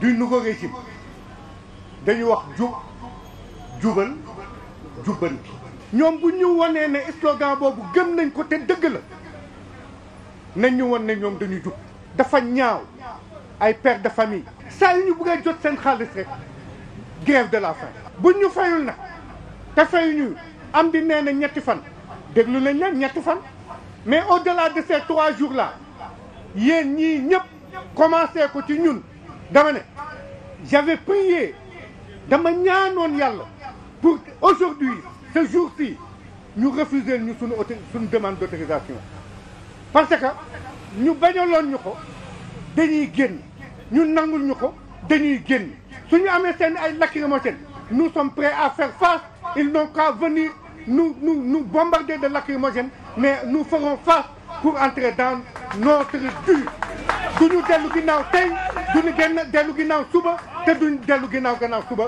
du nouveau régime dañu wax jub jubal jubbanti ñoom bu ñu wanee ne slogan boobu gëm nañ ko te dëgg la nañ ñu wan ne ñoom dañu jub dafa ñaaw ay père de famille saa yu ñu bëggee jot seen xaalis rek grève de la faim buñ ñu fayul na te fayuñu am di nee na ñetti fan déglu nañ leen ñetti fan mais au-delà de ces trois jours là yéen ñii ñëpp commencé ko ci ñun dama ne j'avais prié dama ñaanoon yàlla pour aujourd'hui ce jour-ci ñu refuser ñu suñu auto suñu demande d'autorisation parce que ñu bañaloon ñu ko dañuy génn ñu nangul ñu ko dañuy génn suñu amee seen ay lacrymogènes nous sommes prêts à faire face ils n'ont qu'à venir nous nous nous bombarder de lacrymogènes mais nous ferons face pour entrer dans notre dur duñu dellu ginnaaw tey duñu génn dellu ginnaaw suba te duñ dellu ginnaaw gannaaw suba